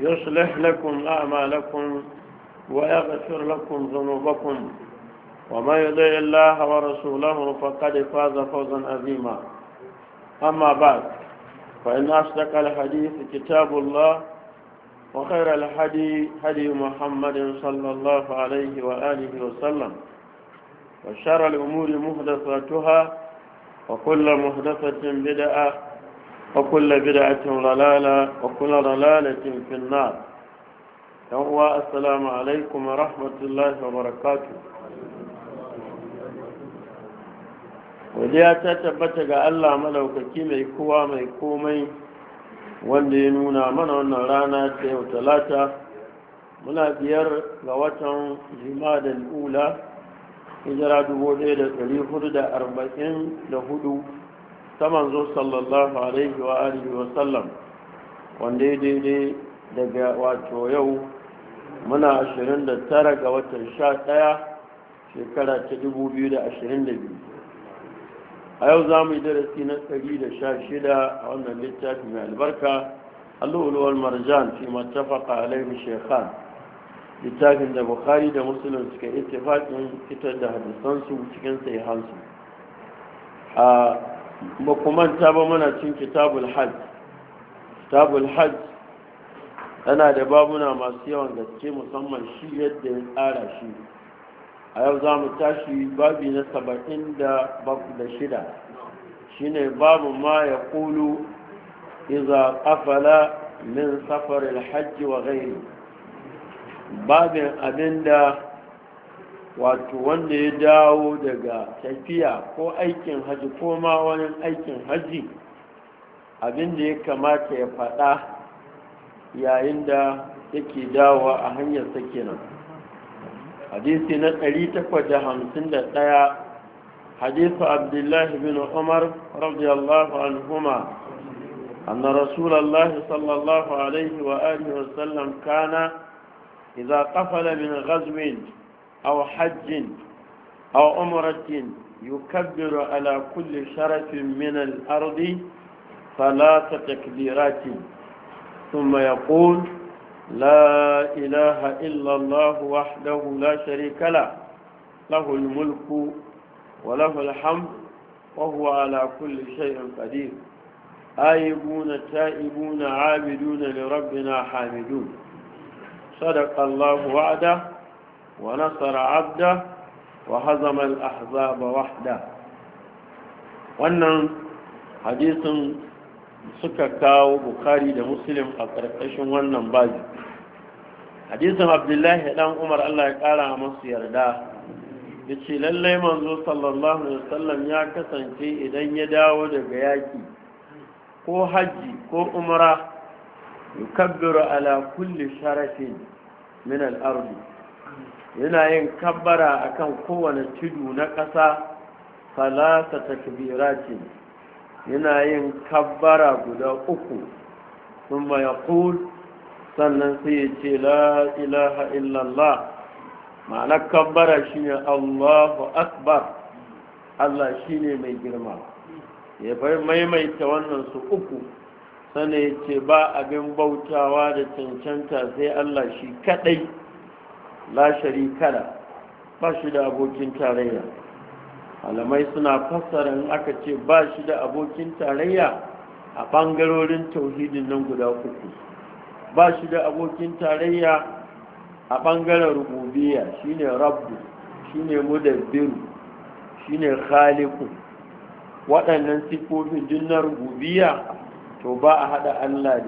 يصلح لكم أعمالكم ويغفر لكم ذنوبكم وما يدعي الله ورسوله فقد فاز فوزا عظيما أما بعد فإن أصدق الحديث كتاب الله وخير الحديث هدي محمد صلى الله عليه وآله وسلم وشر الأمور مهدفاتها وكل مهدفة بدأة وكل بدعة ضلالة وكل ضلالة في النار wa السلام عليكم ورحمة الله وبركاته wadda ta tabbata ga Allah malaukaki mai kowa mai komai wanda ya nuna mana wannan rana ta yau talata muna biyar ga watan da ula hijira hudu. ta manzo sallallahu alaihi wa alihi wa sallam wanda daidai daga wato yau muna 29 ga watan 11 shekara ta 2022 a yau za mu yi darasi na 116 a wannan littafi mai albarka allu'uluwar marjan fi matafaka alaihi shekhan littafin da bukhari da musulun suka ittifaƙin fitar da hadisansu cikin sai hansu a ba kuma ta ba mana cin kitabul hajj kitabul hajj yana da babuna masu yawan gaske musamman shi yadda ya tsara shi a yau za mu tashi babi na saba'in da shida Shi ne babu ma ya kulu iza kafala min safarin hajji wa gairi babin abinda wato wanda ya dawo daga tafiya ko aikin haji ko ma wani aikin haji abinda ya kamata ya faɗa yayin da yake dawowa a hanyar sa kenan hadisi na 851 حديث عبد الله بن عمر رضي الله عنهما أن رسول الله صلى الله عليه وآله وسلم كان إذا قفل من غزو أو حج أو عمرة يكبر على كل شرف من الأرض ثلاث تكبيرات ثم يقول لا إله إلا الله وحده لا شريك له له الملك وله الحمد وهو على كل شيء قدير آيبون تائبون عابدون لربنا حامدون صدق الله وعده ونصر عبده وهزم الأحزاب وحده wannan hadisin suka kawo bukari da muslim a ƙarƙashin wannan baji hadisin abdullahi dan umar allah ya ƙara masu yarda ya ce lallai manzo sallallahu alaihi wasallam ya kasance idan ya dawo daga yaƙi ko hajji ko umara yukabbiru ala kulli sharafin min al-ardi yana yin kabbara akan kowane tudu na ƙasa salasa ta ce yana yin kabbara guda uku sun ya sannan sai ya ce la ilaha illallah ma'anar kabbara shine allahu akbar allah shine mai girma ya bai maimaita wannan su uku sannan ya ce ba abin bautawa da cancanta sai allah shi kadai la sharika la ba shi da abokin tarayya Alamai suna fassara in aka ce ba shi da abokin tarayya a bangarorin tauhidin nan guda uku ba shi da abokin tarayya a bangaren rububiya shine rabbu shine mudabbiru shine khaliqu waɗannan sifofin din na rububiya to ba a hada Allah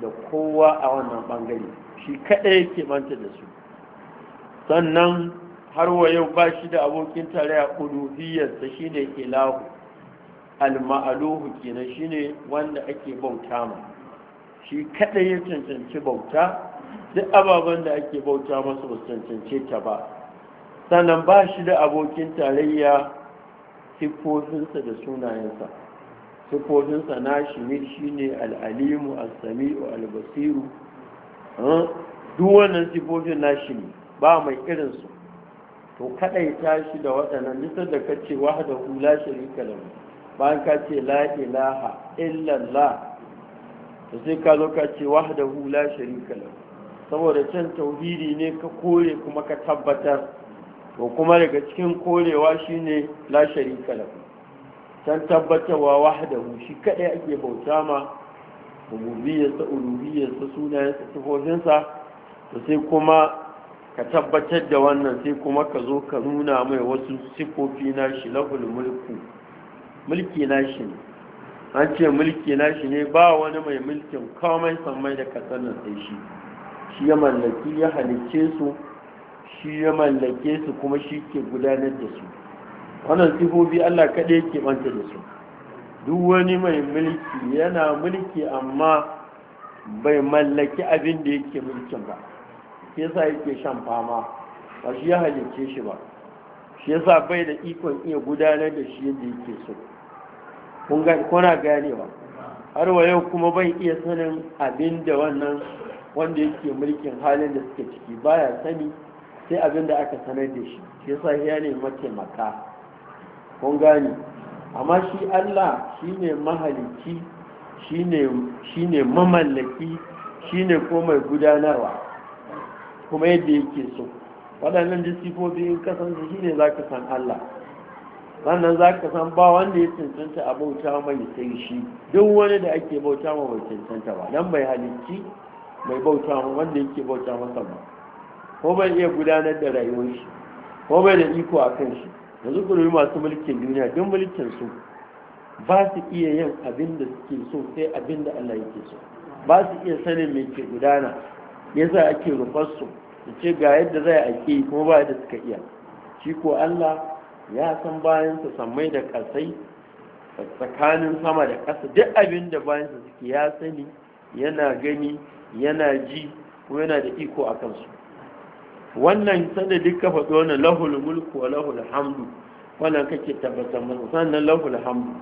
da kowa a wannan bangare shi kaɗai yake manta da su sannan har wa yau ba shi da abokin tarayya shi ne ilahu al-ma'aluhu kenan ne wanda ake bauta ma shi kaɗai ya cancanci bauta duk ababen da ake bauta masu ba cancanci ta ba sannan ba shi da abokin tarayya siffofinsa da sunayensa siffofinsa na shi ne shi ne al'alimu, al-sami'u al-basiru duk wannan siffofin na shi ne ba mai irinsu to kaɗaita shi da waɗannan nisar da ka ce wahada hula shirika da bayan ka ce la ilaha illallah to sai ka zo ka ce wahada hula shirika da saboda can tauhidi ne ka kore kuma ka tabbatar to kuma daga cikin korewa shine la shirika lahu can tabbatarwa hu" shi kadai ake bauta ma rububiyarsa uluhiyarsa sunayensa sifofinsa to sai kuma ka tabbatar da wannan sai kuma ka zo ka nuna mai wasu sifofi shi lahul mulku mulki na shi ne an ce mulki na shi ne ba wani mai mulkin komai sammai da kasar sai shi shi ya mallaki ya halicce su shi ya mallake su kuma shi ke gudanar da su wannan sifofi Allah kaɗai ke banta da su duk wani mai mulki yana mulki amma bai mallaki abin da yake mulkin ba shi yasa yake shan fama ba shi ya halicce shi ba shi yasa bai da ikon iya gudanar da shi yadda yake so kuna ganewa har wa yau kuma bai iya sanin abin da wannan wanda yake mulkin halin da suke ciki baya sani sai abin da aka sanar da shi shi yasa ya ne mataimaka kun gane amma shi Allah shi ne mahalici shi ne mamallaki shi ne ko mai gudanarwa kuma yadda yake so waɗannan disifofi in kasance shi su za ka san Allah sannan za ka san ba wanda ya cancanta a bauta mai sai shi duk wani da ake bauta ma bai cancanta ba don bai halicci mai bauta ma wanda yake bauta masa ba ko bai iya gudanar da rayuwar shi ko bai da iko a kan shi yanzu ku masu mulkin duniya duk mulkin su ba su iya yin abin da suke so sai abin da Allah yake so ba su iya sanin me ke gudana ya yasa ake rufarsu da ce ga yadda zai ake kuma ba da suka iya shi ko Allah ya san bayansa samai da kasai tsakanin sama da kasa duk abin da bayansa suke ya sani yana gani yana ji ko yana da iko a kansu wannan sanda duk kafa tsohonar lahul mulku wa lahul hamdu wannan kake tabbatar masu sannan lahul hamdu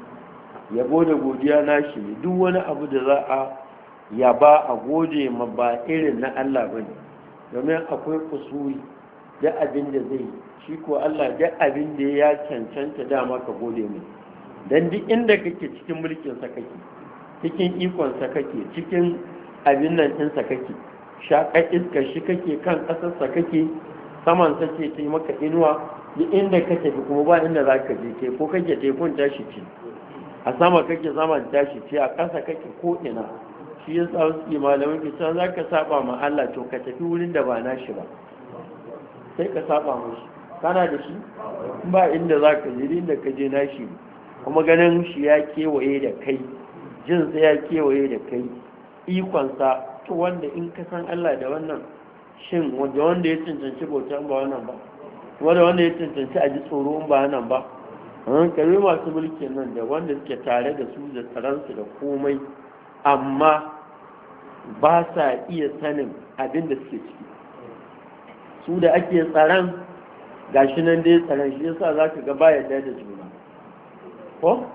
yabo da godiya na shi duk wani abu da za a ya ba a goje ma ba irin na Allah ba ne domin akwai kusuri da abin da zai shi ko Allah da abin da ya cancanta dama ka gode mai don duk inda kake cikin mulkin sa kake cikin ikon sa kake cikin abin nan din kake iskar shi kake kan ƙasar sa kake saman sa ke ta maka inuwa duk inda ka tafi kuma ba inda za ka je ke ko kake tekun tashi ce a sama kake zaman tashi ce a ƙasa kake ko ina shi ya sa wasu malamai, ke cewa za ka saba ma Allah to ka tafi wurin da ba na shi ba sai ka saba shi kana da shi ba inda za ka je inda ka je na shi kuma ganin shi ya kewaye da kai jin sa ya kewaye da kai ikonsa to wanda in ka san Allah da wannan shin wanda wanda ya cancanci bautan ba wannan ba wanda wanda ya cancanci a ji tsoro ba wannan ba an kare masu mulkin nan da wanda suke tare da su da tsaransu da komai amma ba sa iya sanin abin da suke ciki su da ake tsaron ga shi nan dai tsaron shi yasa za ka gaba ya da juna ko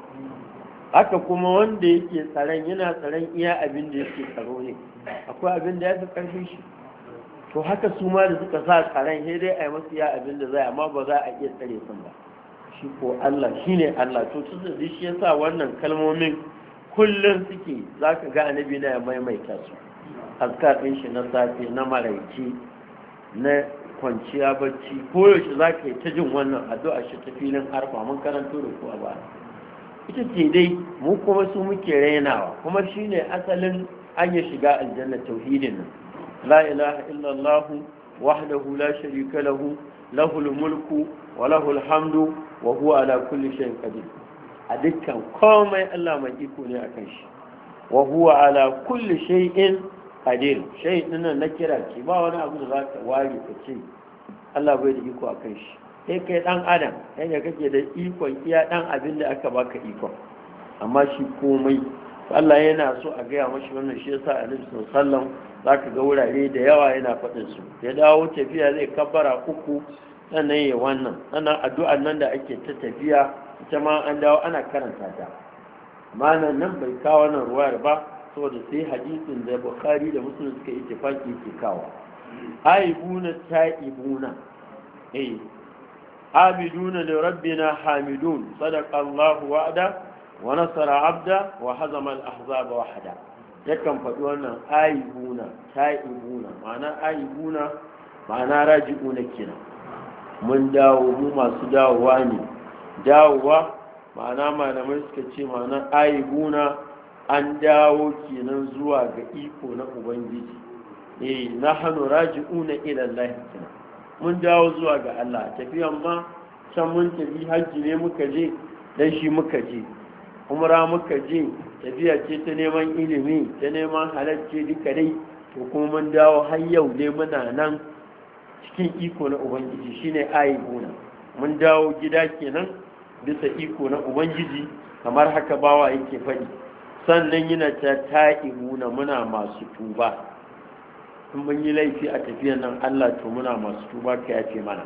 haka kuma wanda yake tsaron yana tsaron iya abin da yake tsaro ne akwai abin da ya fi karfin shi to haka su ma da suka sa tsaron sai dai a yi masu iya abin da za amma ba za a iya tsare sun ba shi ko Allah shi ne Allah to tun da shi ya sa wannan kalmomin kullum suke za ka ga anabi na ya maimaita su azkarin shi na safe na maraice na kwanciya bacci koyaushe za ka yi ta jin wannan addu'a shi ta filin harfa mun karanto da ku a ba ita ce dai mu kuma su muke rainawa kuma shi ne asalin an yi shiga aljanna tauhidin nan la ilaha illallah wahdahu la sharika lahu lahul mulku wa lahul hamdu wa huwa ala kulli shay'in qadir a dukkan komai Allah mai iko ne a kan shi wa huwa ala kulli shay'in qadir shay nan na kira ki ba wani abu da zaka ware ka ce Allah bai da iko a kan shi sai kai dan adam yadda kake da ikon iya dan abin da aka baka iko amma shi komai Allah yana so a gaya mashi wannan shi yasa Annabi sallam zaka ga wurare da yawa yana faɗin su ya dawo tafiya zai kabbara uku sannan ya wannan sannan addu'ar nan da ake ta tafiya ita ma an dawo ana karanta ta amma nan bai kawo wannan ruwayar ba saboda sai hadisin da bukhari da muslim suka yi tafaki ke kawo aibuna ta'ibuna eh abiduna li rabbina hamidun sadaqa allah wa'ada wa nasara abda wa hazama al ahzaba wahda yakan faɗi wannan aibuna ta'ibuna ma'ana aibuna ma'ana raji'una kina. mun dawo mu masu dawowa ne dawowa ma'ana malamai suka ce ma'ana guna an dawo kenan zuwa ga iko na ubangiji eh na hannu raji'una ilallahi kenan mun dawo zuwa ga Allah tafiyan ma can mun tafi hajji ne muka je dan shi muka je umra muka je tafiya ce ta neman ilimi ta neman halarci duka dai to kuma mun dawo har yau ne muna nan cikin iko na ubangiji shine aibuna mun dawo gida kenan bisa iko na ubangiji kamar haka bawa yake faɗi sannan yana ta na muna masu tuba in mun yi laifi a tafiyan nan Allah to muna masu tuba ka yafe mana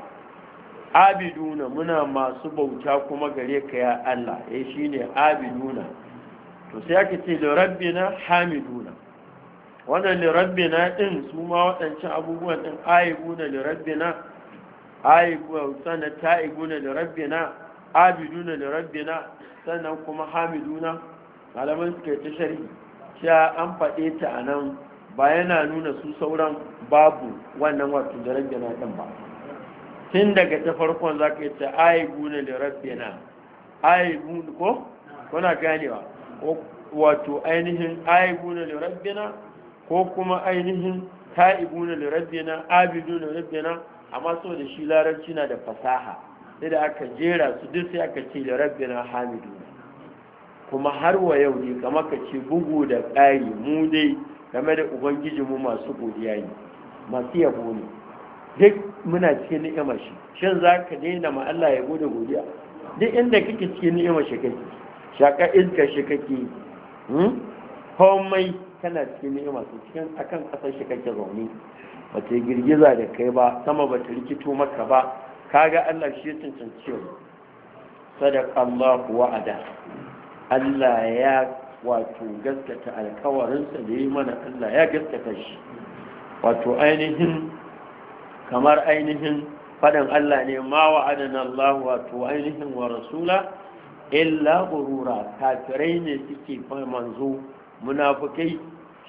abiduna muna masu bauta kuma gare ka ya Allah eh shine abiduna to sai aka ce da rabbina hamiduna wannan da rabbina din su ma waɗancan abubuwan din aibuna da rabbina aibu sana ta'ibuna da rabbina abiduna da rabbina sannan kuma hamiduna malaman suke ta sharhi cewa an faɗe ta a nan ba yana nuna su sauran babu wannan wato da rabbina ɗin ba tun daga ta farkon za ka yi ta aibuna da rabbina aibuna ko kuna ganewa wato ainihin aibuna da rabbina ko kuma ainihin ta'ibuna da rabbina abiduna da rabbina amma so da shi larabci na da fasaha sai da aka jera su duk sai aka ce da rabbina hamidu kuma har wa yau ne kamar ka ce bugu da ƙari mu dai game da ubangijinmu masu godiya ne masu yabo ne duk muna cikin ni'ima shi shin za ka daina ma Allah ya gode godiya duk inda kake cikin ni'ima shi kake shaka iska shi kake hmm? komai kana cikin ni'ima su cikin akan kasar shi kake zaune ba ta girgiza da kai ba sama ba ta rikito maka ba kaga Allah shi cancanci sadaka Allah wa'ada Allah ya wato gaskata sa da yi mana Allah ya gaskata shi wato ainihin kamar ainihin fadan Allah ne ma wa'adana Allah wato ainihin wa rasula illa gurura kafirai ne suke manzo munafukai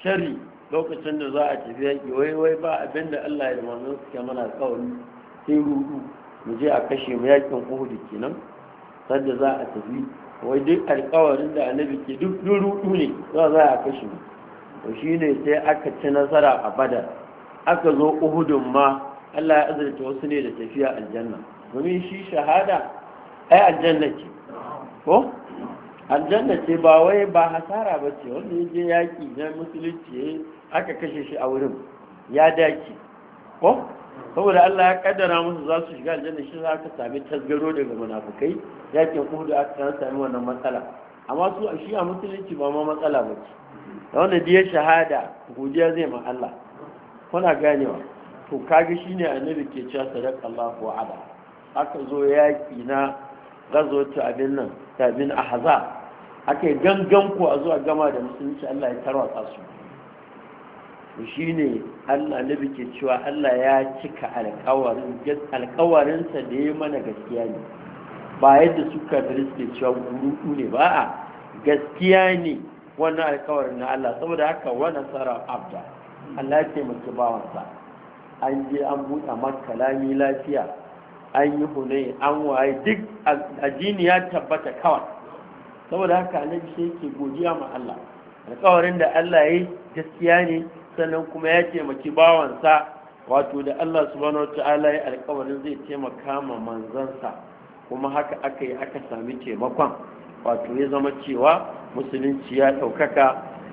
shari lokacin da za a tafi yake, wai wai ba abinda Allah ya manzo suke mana kawai sai rudu mu je a kashe mu yakin uhudu kenan sanda za a tafi wai duk alƙawarin da annabi ke duk rudu ne za za a kashe mu to shine sai aka ci nasara a badar aka zo uhudun ma Allah ya azurta wasu ne da tafiya aljanna domin shi shahada ai aljanna ce ko aljanna ce ba wai ba hasara ba ce wanda ya je yaƙi na musulunci aka kashe shi a wurin ya dace ko saboda Allah ya kaddara musu za su shiga aljanna shi za ka sami tasgaro daga munafukai yakin uhudu aka sami wannan matsala amma su a shi a musulunci ba ma matsala ba ce da wanda da shahada godiya zai ma Allah kuna ganewa to kage shine annabi ke cewa sadaqa Allahu ala aka zo yaki na ta abin nan bin ahza aka gangan ku a zuwa gama da musulunci Allah ya tarwatsa su shi shine Allah nabi ke cewa Allah ya cika alƙawarin da ya mana gaskiya ne ba yadda suka ke cewa gurutu ne ba a gaskiya ne wannan alƙawarin na Allah saboda haka wani tsara abda Allah ya taimaki bawansa an je an buɗe makka lami lafiya an yi hunai an waye duk addini ya tabbata kawai saboda haka annabi sai yake godiya ma Allah alƙawarin da Allah ya yi gaskiya ne sannan kuma ya taimaki bawansa wato da Allah subhanahu wata'ala ya alkawarin zai taimaka ma manzansa kuma haka aka yi aka sami taimakon wato ya zama cewa musulunci ya ɗaukaka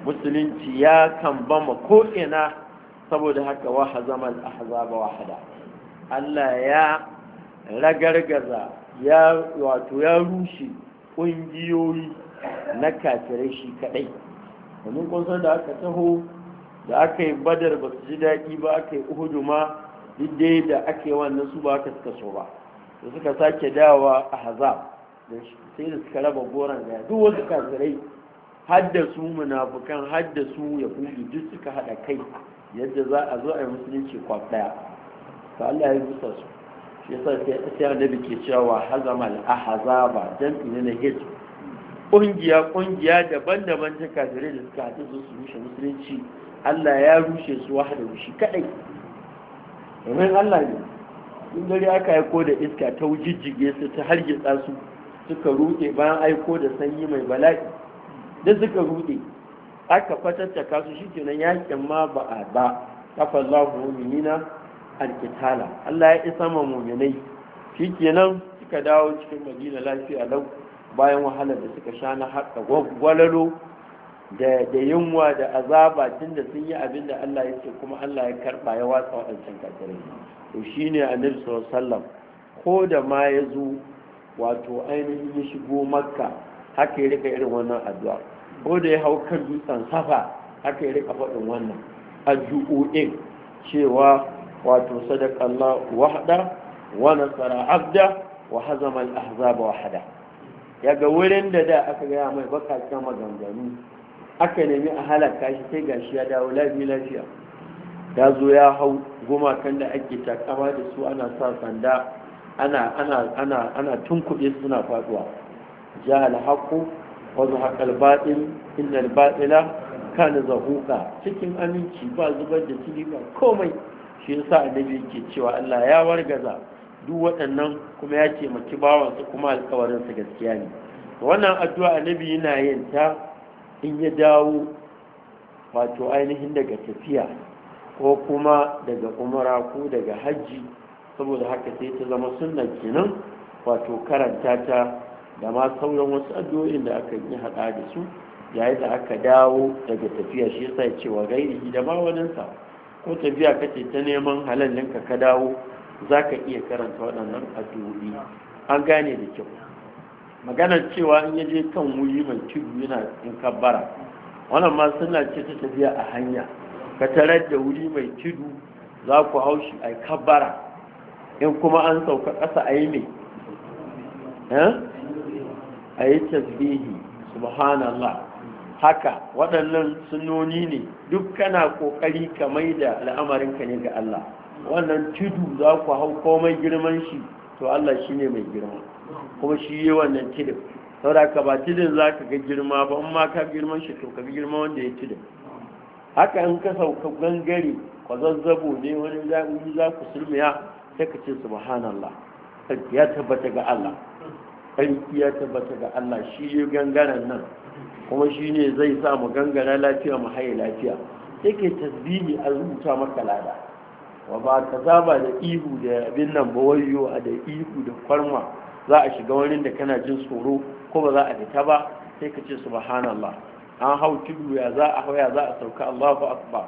musulunci ya kan bama ko'ina saboda haka waha zaman ahzaba wahada Allah ya ragargaza ya wato ya rushe ƙungiyoyi na kafirai shi kaɗai domin kun da aka taho da aka yi badar ba su ji daɗi ba aka yi uhudu ma duk da aka yi wannan su ba aka suka so ba da suka sake dawa a hazab sai da suka raba goron gaya duk wasu kafirai hadda munafukan hadda su yahudi duk suka haɗa kai yadda za a zo a yi musulunci kwaf ɗaya to Allah ya rusa su shi yasa sai annabi ke cewa hazama al-ahzaba jam'i ina na hit kungiya kungiya daban-daban ta kafirai da suka haɗu su rushe musulunci Allah ya rushe su wahdahu rushe kaɗai. domin Allah ne in dare aka aiko da iska ta wujijjige su ta hargitsa su suka ruɗe bayan aiko da sanyi mai bala'i da suka ruɗe aka fatattaka kasu shi ke nan yakin ma ba a ba kafa Allahu mu'minina alkitala Allah ya isa ma mu'minai shi ke nan suka dawo cikin madina lafiya lau bayan wahalar da suka sha na haɗa gwalalo da yunwa da azaba tun da sun yi abin da Allah ya ce kuma Allah ya karɓa ya watsa waɗancan kafirai to shi ne annabi sallam ko da ma ya zo wato ainihin ya shigo makka haka ya rika irin wannan addu'a ko da ya hau kan dutsen safa haka ya rika faɗin wannan addu'o'in cewa wato Sadaqa Allah wahda wa nasara abda wa hazama al ahzab wahda yaga wurin da da aka gaya mai bakakken maganganu aka nemi a halaka shi sai gashi ya dawo lafi lafiya ya zo ya hau gumakan da ake takama da su ana sa sanda ana ana ana suna faɗuwa. ja haqqu wa haƙar baɗin batil innal kana zahuqa cikin aminci ba zubar da cikin ba komai shi yasa annabi yake cewa Allah ya wargaza duk waɗannan kuma ya ce maki bawansa kuma alƙawarinsa gaskiya ne wannan addu'a annabi yana yin ta in ya dawo wato ainihin daga tafiya ko kuma daga umara ko daga hajji saboda haka sai ta zama sunan kenan wato karanta ta da ma sauran wasu addu'o'in da aka yi hada da su yayin da aka dawo daga tafiya shi yasa ya ce wa gairi da ma waninsa ko tafiya kace ta neman halallinka ka dawo za ka iya karanta waɗannan addu'o'i an gane da kyau maganar cewa in ya je kan wuri mai tudu yana in kabbara wannan ma suna ce ta tafiya a hanya ka tarar da wuri mai tudu za ku hau shi a kabbara in kuma an sauka ƙasa a yi mai eh? a yi tasbihi subhanallah haka waɗannan sunoni ne duk kana ƙoƙari ka mai da al'amarinka ne ga Allah wannan tudu za ku hau komai girman shi to Allah shi ne mai girma kuma shi yi wannan tilin saboda ka ba tilin za ka ga girma ba amma ka girman shi to ka ga girma wanda ya tilin haka in ka sauka gangare kwazazzabo ne wani zaɓi za ku sulmiya sai ka ce subhanallah ya tabbata ga Allah ƙarfi ya tabbata ga Allah shi yi gangaren nan kuma shi ne zai sa mu gangara lafiya mu haye lafiya sai ke tasbihi a rubuta maka lada wa ba ka saba da ihu da abin nan ba wayo a da ihu da kwarma za a shiga wani da kana jin tsoro ko ba za a fita ba sai ka ce subhanallah an hau tudu ya za a ya za a sauka Allahu akbar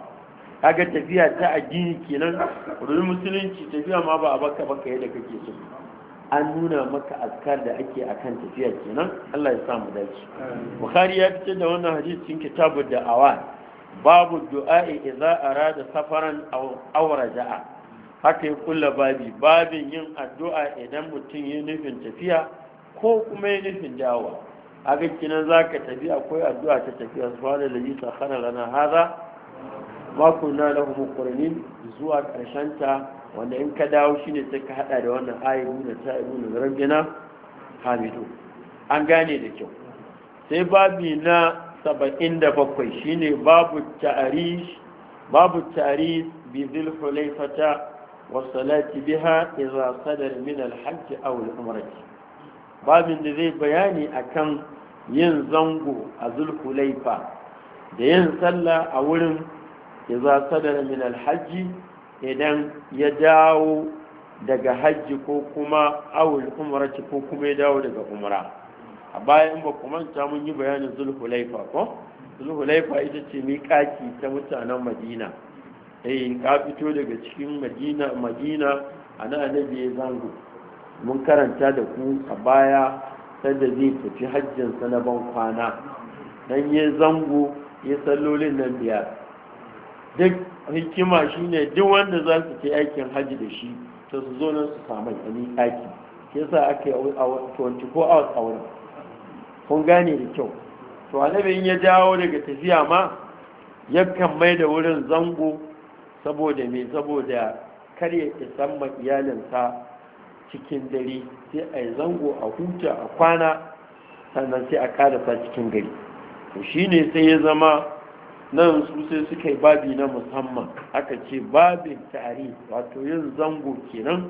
kaga tafiya ta addini kenan rudin musulunci tafiya ma ba a baka baka yadda kake so an nuna maka azkar da ake a kan tafiya kenan Allah ya sa mu dace bukhari ya fitar da wannan hadisi cikin kitabud da'awa babu du'a a arada safaran aw haka ya kulla babi babin yin addu'a idan mutum ya nufin tafiya ko kuma ya nufin dawa a kinan za ka tafi akwai addu'a ta tafiya su fara da yi tsakana lana haza mako na da hukumanin zuwa ta wanda in ka dawo shi ne suka ka haɗa da wannan ayyubu da ta'ibu da rabbina hamidu an gane da kyau sai babi na saba'in da bakwai shi ne babu ta'arish babu ta'arish bizil hulaifata wasalati biha iza sadar minal hajji a wani umarci da zai bayani akan yin zango a zulkulaifa da yin sallah a wurin iza sadar minal idan ya dawo daga hajji ko kuma awul umarci ko kuma ya dawo daga umara a bayan ba kuma ta mun yi bayanin zulhulaifa ko zulhulaifa ita ce miƙaƙi ta mutanen madina eh ka fito daga cikin madina madina ana annabi ya zango mun karanta da ku a baya sanda zai tafi sa na ban kwana dan ya zango ya sallolin nan biyar duk hikima shine duk wanda za su ce aikin hajji da shi to su zo nan su samu ɗani ɗaki shi sa aka yi 24 hours a wurin kun gane da kyau to annabi in ya dawo daga tafiya ma yakan mai da wurin zango saboda mai saboda kar ya isan ma iyalinsa cikin dare sai a zango a huta a kwana sannan sai a karasa cikin gari to ne sai ya zama nan su sai suka yi babi na musamman aka ce babin tari wato yin zango kenan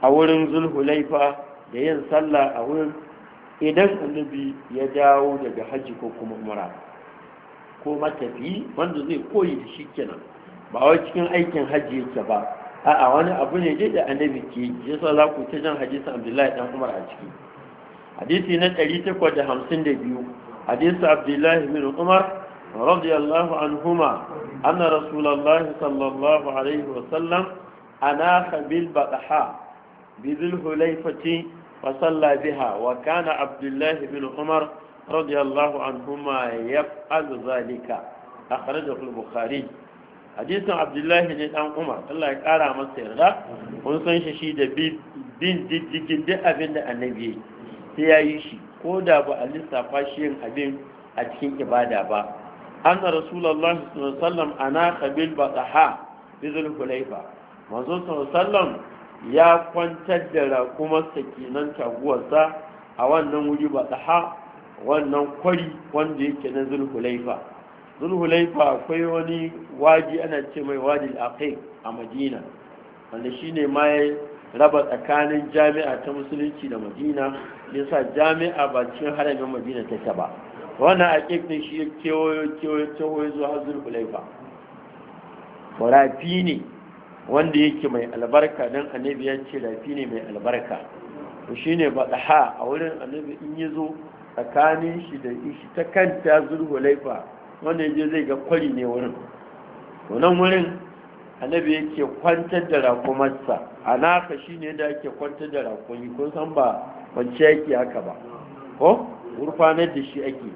a wurin zulhulaifa da yin sallah a wurin idan annabi ya dawo daga hajji ko kuma umara ko matafi wanda zai koyi da shi kenan ba wai cikin aikin hajji yake ba a wani abu ne dai da annabi ke ya yasa za ku ta jan hadisi abdullahi dan umar a ciki hadisi na 852 hadisi abdullahi bin umar radiyallahu anhuma anna rasulullahi sallallahu alaihi wa sallam anaha bil baqaha bidil hulayfati wa salla biha wa kana abdullahi bin umar radiyallahu anhuma yaf'alu zalika akhrajahu al-bukhari hadisin abdullahi ne dan umar Allah ya kara masa yarda kun san shi shi da bin diddigin duk abin da annabi sai ya yi shi ko da ba a lissafa shi yin abin a cikin ibada ba anna rasulullah sallallahu alaihi wasallam ana qabil bi bizul hulaifa manzo sallallahu alaihi ya kwantar da raƙumarsa kenan taguwarsa a wannan wuri baqaha wannan kwari wanda yake na zulhulaifa zulhulaifa akwai wani waji ana ce mai waji al'aqai a madina wanda shine ma ya raba tsakanin jami'a ta musulunci da madina yasa jami'a ba cikin haramin madina take ba wannan aqiq ne shi kewayo kewayo kewayo zuwa zulhulaifa rafi ne wanda yake mai albarka don annabi ya ce rafi ne mai albarka to shine ha a wurin annabi in ya zo tsakanin shi da ishi ta kanta zulhulaifa wanda je zai ga kwari ne wurin wannan wurin annabi yake kwantar da rakumarsa a naka shi ne da ake kwantar da rakumi kun san ba kwanciya yake haka ba ko gurfanar da shi ake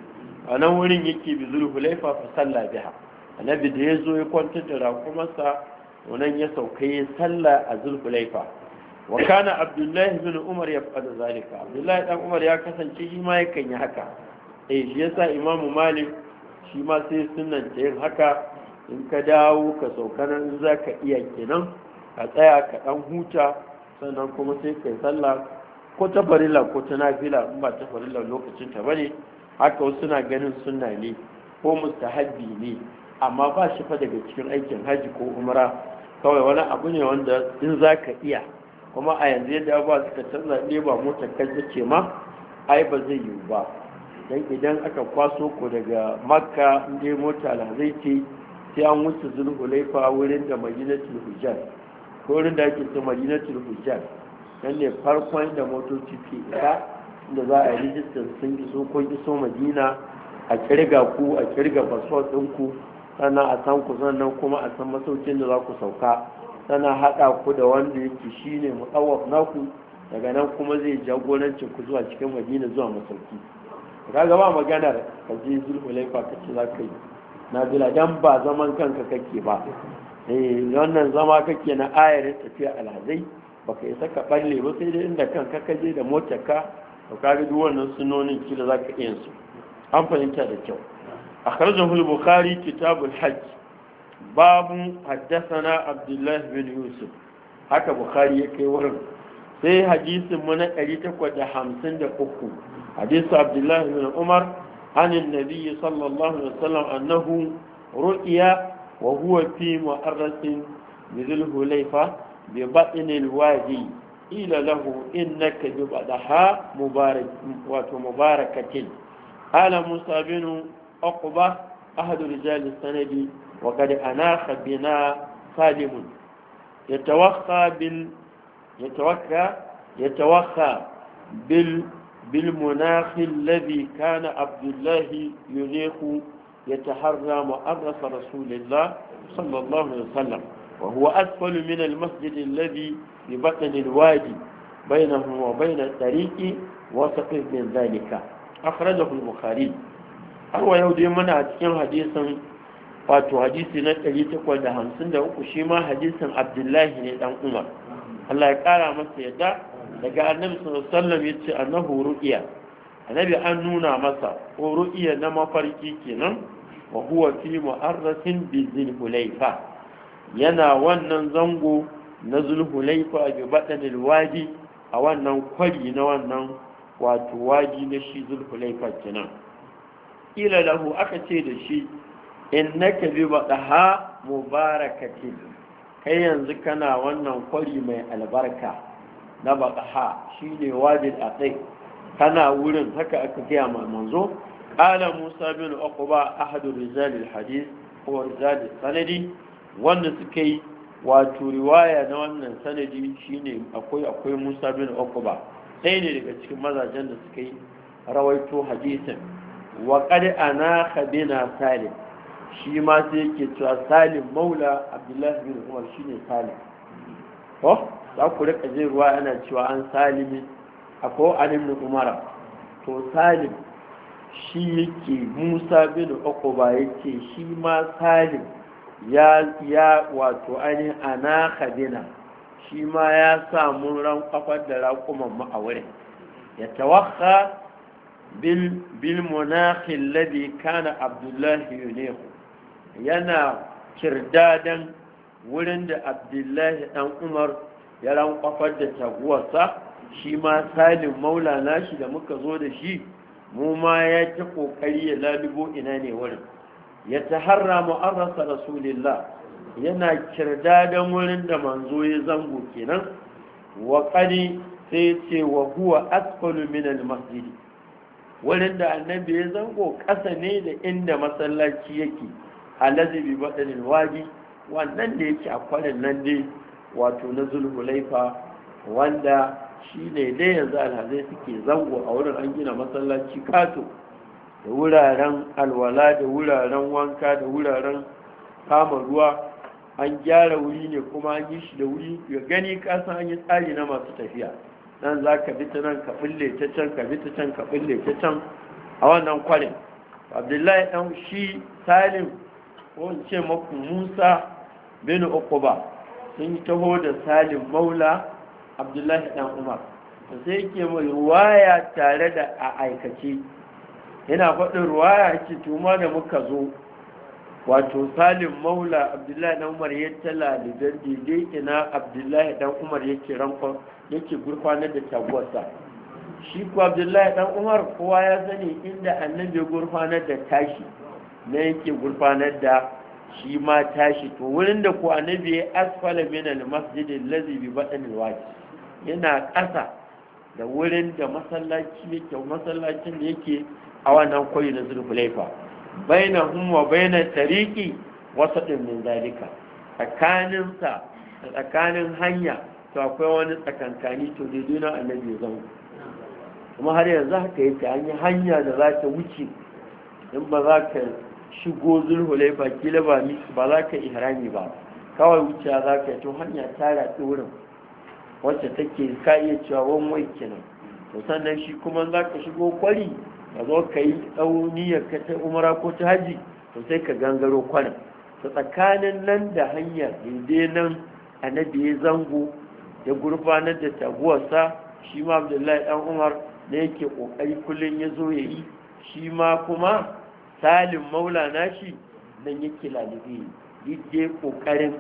a nan wurin yake bi zuru laifa fa salla biha annabi da ya zo ya kwantar da rakumarsa wannan ya sauka ya a zuru laifa wa kana abdullahi ibn umar ya faɗa zalika abdullahi dan umar ya kasance shi ma yakan yi haka eh shi yasa imamu malik shi ma sai sunan ta yin haka in ka dawo ka saukanan za ka iya kenan ka tsaya ka ɗan huta sannan kuma sai ka yi sallah ko ta farilla ko ta nafila in ba ta farilla lokacin ta bane haka wasu na ganin sunna ne ko mustahabbi ne amma ba shi fa daga cikin aikin hajji ko umra kawai wani abu ne wanda in za ka iya kuma a yanzu yadda ba suka canza ba motar kai ce ma ai ba zai yiwu ba dan idan aka kwaso ku daga makka inda mota lazai sai an wuce hulaifa wurin da madinatul hujjar ko wurin da ake ce madinatul hujjar nan ne farkon da motoci ke isa inda za a rijistar sun so ko ji so madina a kirga ku a kirga baso ɗinku sannan a san ku sannan kuma a san masaukin da za ku sauka sannan haɗa ku da wanda yake shine mutsawaf naku daga nan kuma zai jagoranci ku zuwa cikin madina zuwa masauki ka ga ba maganar ka je zulhulaifa ka ce za ka yi nafila don ba zaman kanka kake ba eh wannan zama kake na ayarin tafiya alhazai baka isa saka balle ba sai dai inda kanka ka je da motar ka ka ga duk wannan sunonin kila za ka iya su an fahimta da kyau a أخرجه kari kitabul hajj babu haddasa na abdullahi bin yusuf haka bukari ya kai wurin sai hadisin mu na 853 hadisu abdullahi bin umar anin nabiyyi sallallahu alaihi wasallam annahu ru'iya wa huwa fi mu'arrasin bizul hulaifa bi batnil wadi ila lahu innaka bi badaha mubarak wato mubarakatin ala musa bin uqba ahad rijal sanadi wa qad anaha bina salim yatawakha yatawakka yatawakka bil bil munafi alladhi kana abdullah yunihu yataharra mu'arraf rasulillah sallallahu alaihi wasallam وهو أسفل من المسجد الذي ببطن الوادي بينه وبين الطريق وسط من ذلك أخرجه البخاري har yau dai muna a cikin hadisin wato hadisi na 853 shi ma hadisin abdullahi ne ɗan umar Allah ya kara masa yadda daga annabi sallallahu alaihi wasallam yace annahu ru'ya annabi an nuna masa ko ru'ya na mafarki kenan wa huwa fi mu'arrasin bi zulhulayfa yana wannan zango na zulhulayfa bi badanil wadi a wannan kwari na wannan wato waji na shi zulhulayfa kenan ila lahu aka ce da shi innaka bi badaha mubarakatin kai yanzu kana wannan kwari mai albarka na ne shine a atai kana wurin haka aka gaya ma manzo qala musa bin uqba ahadu rijal al hadis ko sanadi wanda suka yi wato riwaya na wannan sanadi shine akwai akwai musa bin ba sai ne daga cikin mazajen da suka yi rawaito hadisin wa ƙari ana khabina salim shi ma sai yake cewa salim maula abdullahi bin umar shi ne salim ko za ku rika jin ruwa yana cewa an salimi a ko alim umara to salim shi yake musa bin uquba yake shi ma salim ya ya wato ainihin na khadina shi ma ya samu ran kafar da raƙuman mu a wurin ya tawakka bil bil munakhil ladhi kana abdullahi yunehu yana kirdadan wurin da abdullahi dan umar ya rankwafar da taguwarsa shi ma salim maulana shi da muka zo da shi mu ma ya ta kokari ya lalubo ina ne wurin ya an rasa rasulillah yana kirdadan wurin da manzo ya zango kenan wa qadi sai ce wa huwa asfalu min al-masjid wurin da annabi ya zango ƙasa ne da inda masallaci yake alazi bi badanil wadi wannan da yake a kwarin nan dai wato na zulhulaifa wanda shi ne dai yanzu alhazai suke zango a wurin an gina masallaci kato da wuraren alwala da wuraren wanka da wuraren kama ruwa an gyara wuri ne kuma an yi shi da wuri ya gani kasan an yi tsari na masu tafiya nan za ka ta nan ka bulle ta can ka bita can ka bulle ta can a wannan kwarin abdullahi dan shi salim ko ce maku musa bin uquba sun yi taho da salim maula abdullahi dan umar da sai yake mai ruwaya tare da a aikace yana faɗin ruwaya yake tuma da muka zo wato salim maula abdullahi dan umar ya tala da ina abdullahi dan umar yake rankon yake gurfanar da taguwarsa shi ko abdullahi ɗan umar kowa ya sani inda annabi gurfanar da tashi na yake gurfanar da shi ma tashi to wurin da ku annabi ya asfala min almasjidin lazi bi al alwaji yana ƙasa da wurin da masallaci yake masallacin da yake a wannan koyi na zulfulaifa hum wa baina tariqi wasadin min zalika sa tsakanin hanya to akwai wani tsakankani to daidai na annabi ya zama kuma har yanzu haka yake an yi hanya da za ta wuce in ba za ka shigo zulhulaifa kila ba ba za ka ihrami ba kawai wuce za ka yi to hanya tara wurin wacce take ka iya cewa wani wai kenan to sannan shi kuma za ka shigo kwari ka zo ka yi tsauniyar ka ta umara ko ta haji to sai ka gangaro kwanan ta tsakanin nan da hanyar daidai nan annabi ya zango ya gurfanar da taguwarsa shi ma abdullahi dan umar na yake kokari kullum ya zo ya yi shi ma kuma Salin maula shi nan yake lalibi yake kokarin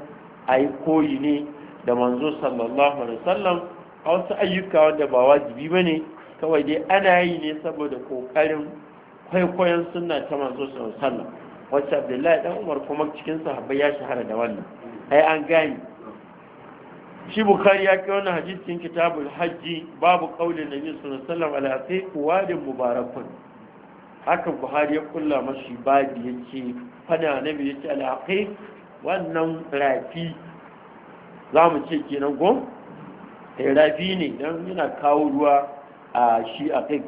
a yi koyi ne da manzo sallallahu alaihi wasallam a wasu ayyuka wanda ba wajibi ba ne kawai dai ana yi ne saboda kokarin kwaikwayon suna ta manzo sallallahu alaihi wasallam wacce abdullahi dan umar kuma cikin sahabbai ya shahara da wannan ai an gani shi bukhari ya kai wannan cikin kitabul hajji babu qaulin nabi sallallahu alaihi wasallam ala atiq wadin mubarakun haka buhari ya kulla mashi ya yake fada na biyu ce alaƙai wannan rafi za mu ce nan gom eh, rafi ne don yana kawo ruwa a shi a kai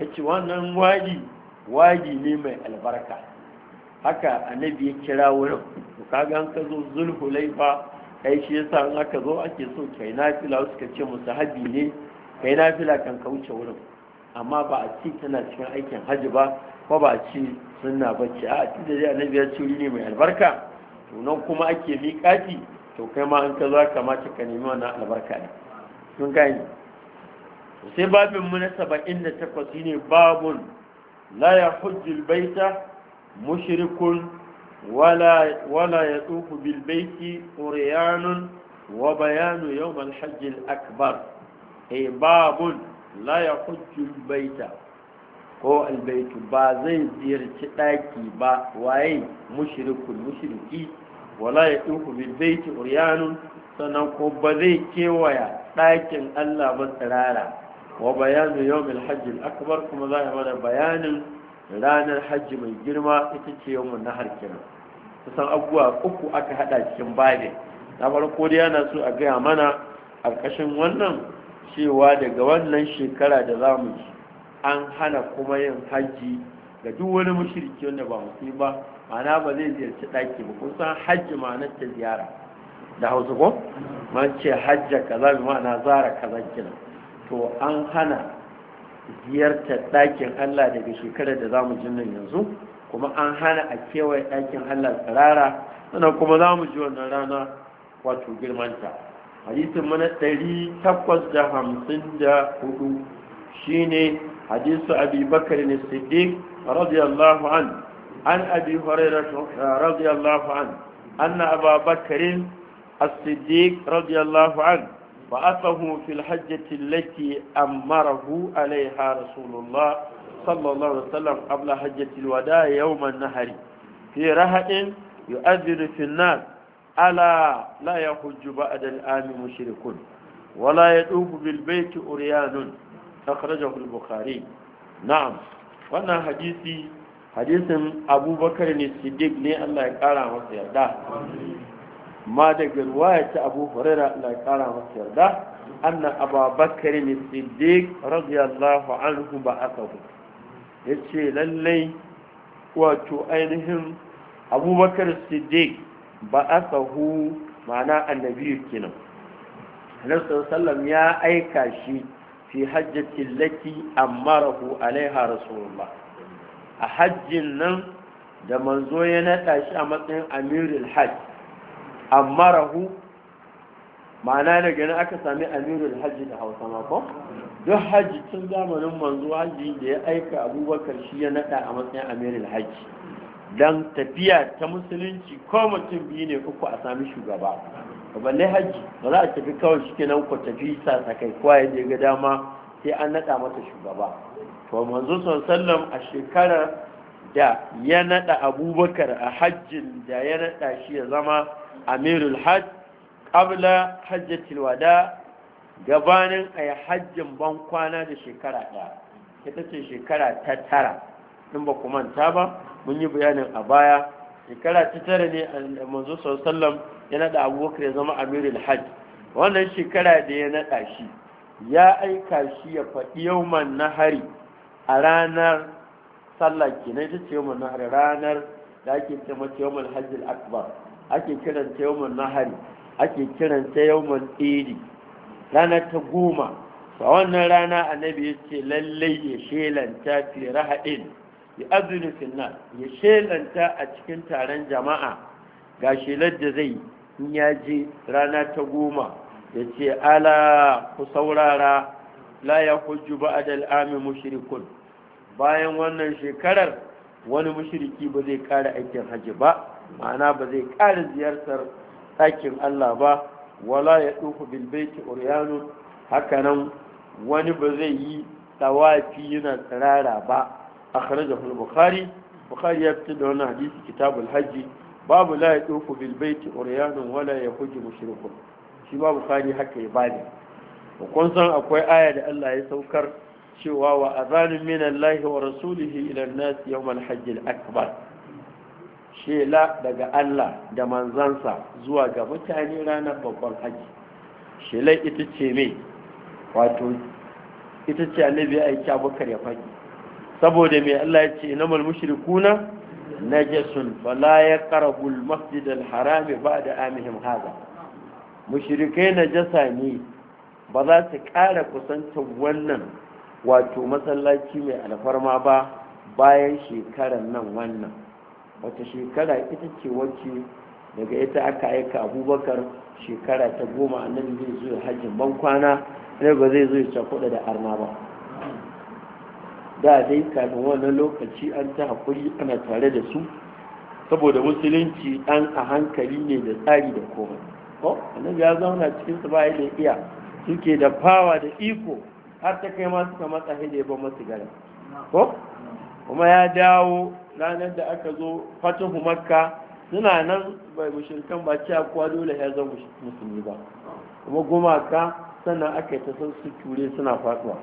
ya ce wannan wadi wadi ne mai albarka haka annabi ya kira wurin kaga an ka zo zulhu laifa kai shi yasa an aka zo ake so kai nafila suka ce musu musahabi ne kai nafila kan kauce wurin amma ba a ci tana cikin aikin hajji ba ko ba a ci sunna ba ce a da dai annabi ya ce ne mai albarka to nan kuma ake miƙati to kai ma an ka zo kamata ka nemi wannan albarka ne kun gani sai babin mu na 78 shine babun la yahujjul baita mushrikun wala wala yatufu bil baiti quryanun wa bayanu yawm al hajj al akbar eh babun la ya baita ko albaitu ba zai ziyarci ɗaki ba waye mushrikun mushiriki wala ya ɗinku bil baiti uryanun sannan ko ba zai kewaya ɗakin Allah ba tsirara wa bayanin yawmil hajji akbar kuma za a mana bayanin ranar hajji mai girma ita ce harke nahar kenan kusan abubuwa uku aka haɗa cikin babin na farko dai yana so a gaya mana a wannan cewa daga wannan shekara da za mu ji an hana kuma yin hajji ga duk wani mashirki wanda ba musulmi ba ma'ana ba zai ziyarci ɗaki ba kusan hajji ma'ana ta ziyara da hausa ko ma ce hajja za mu ma'ana zara kaza to an hana ziyartar ɗakin Allah daga shekarar da za mu ji nan yanzu kuma an hana a kewaye ɗakin Allah tsirara sannan kuma za mu ji wannan rana wato girmanta hadisin mana ɗari takwas da hamsin da hudu shi ne hadisu abi bakar ne siddiq radiyallahu an an abi huraira radiyallahu an anna aba bakarin as-siddiq radiyallahu an ba'athahu fil hajjati allati amarahu alaiha rasulullah sallallahu alaihi wasallam qabla hajjati al-wada yawm an-nahri fi rahatin yu'adhdhiru fi an-nas ala la ya hujju ba a dal'ami mashirikun wala ya ɗubu bilbaiti uriyanun takarajar bukari na'am wannan hadisi hadisin abubakar ne siddiq ne allah ya ƙara masa yarda ma daga ruwa ya ci abubakar allah ya ƙara masa yarda anna abubakar ne siddiq radiyallahu anhu ba aka bu ya ce lallai wato ainihin abubakar siddiq ba sahu ma'ana annabi kenan annabi sallam ya aika shi fi hajjati laki amarahu alaiha rasulullah a hajjin nan da manzo ya nada shi a matsayin amirul hajj amarahu ma'ana daga nan aka sami amirul hajji da hausa mako duk hajji tun zamanin manzo hajji da ya aika abubakar shi ya nada a matsayin amirul hajji Dan tafiya ta musulunci ko mutum biyu ne uku a sami shugaba balle hajji ba za a tafi kawai shi kenan ku tafi sa, sasakai kowa ya je ga dama sai an naɗa mata shugaba to manzo sallam a shekarar da ya naɗa abubakar a hajjin da ya naɗa shi ya zama amirul hajj ƙabla hajjatil wada gabanin a hajjin ban kwana da shekara ɗaya ita ce shekara ta tara in ba ku manta ba mun yi bayanin a baya shekara ta tara ne eh, manzo sallam ya naɗa abubakar ya zama amirul hajj wannan shekara da ya naɗa shi ya aika shi ya faɗi yawman nahari a ranar sallah kenan ita ce yawman nahari ranar da ake ce mace yawman hajjil akbar ake kiranta yawman nahari ake kiranta yawman idi rana ta goma a wannan rana annabi ya ce lallai ya shelanta fi rahadin bi azuni finna ya shelanta a cikin taron jama'a ga shelar da zai in ya je rana ta goma ya ce ala ku saurara la ya hujju ba da mushrikun bayan wannan shekarar wani mushriki ba zai kara aikin hajji ba ma'ana ba zai kara ziyartar ɗakin Allah ba wala ya bil bilbaiti uryanu hakanan wani ba zai yi tawafi yana tsirara ba akhrajahu al-bukhari bukhari ya fitar da wannan hadisi kitabul hajji babu la yaqufu bil baiti uryanun wala yahujju mushrikun shi ba bukhari haka ya bani kun san akwai aya da Allah ya saukar cewa wa azanin min wa rasulihi ila an-nas yawm al-hajj al-akbar shela daga Allah da manzansa zuwa ga mutane ranar babban haji shelai ita ce me wato ita ce annabi ya aiki ya faɗi saboda mai Allah ya ce inamal mushrikuna najasun fala yaqrabu al-masjid al ba ba'da amihim hada mushrikai najasa ne ba za su ƙara kusantar wannan wato masallaci mai alfarma ba bayan shekarar nan wannan wata shekara ita ce wacce daga ita aka aika abubakar shekara ta goma annabi zai zo hajjin bankwana ne ba zai zo ya cakuɗa da arna ba da dai kafin wannan lokaci an ta haƙuri ana tare da su saboda musulunci ɗan a hankali ne da tsari da komai ko annabi ya zauna cikin su bai da iya suke da fawa da iko har ta kai ma suka matsa hide ba masu gara ko kuma ya dawo ranar da aka zo fatahu makka suna nan bai mushrikan ba cewa kowa dole ya zama musulmi ba kuma gumaka sannan aka yi ta san su ture suna fatuwa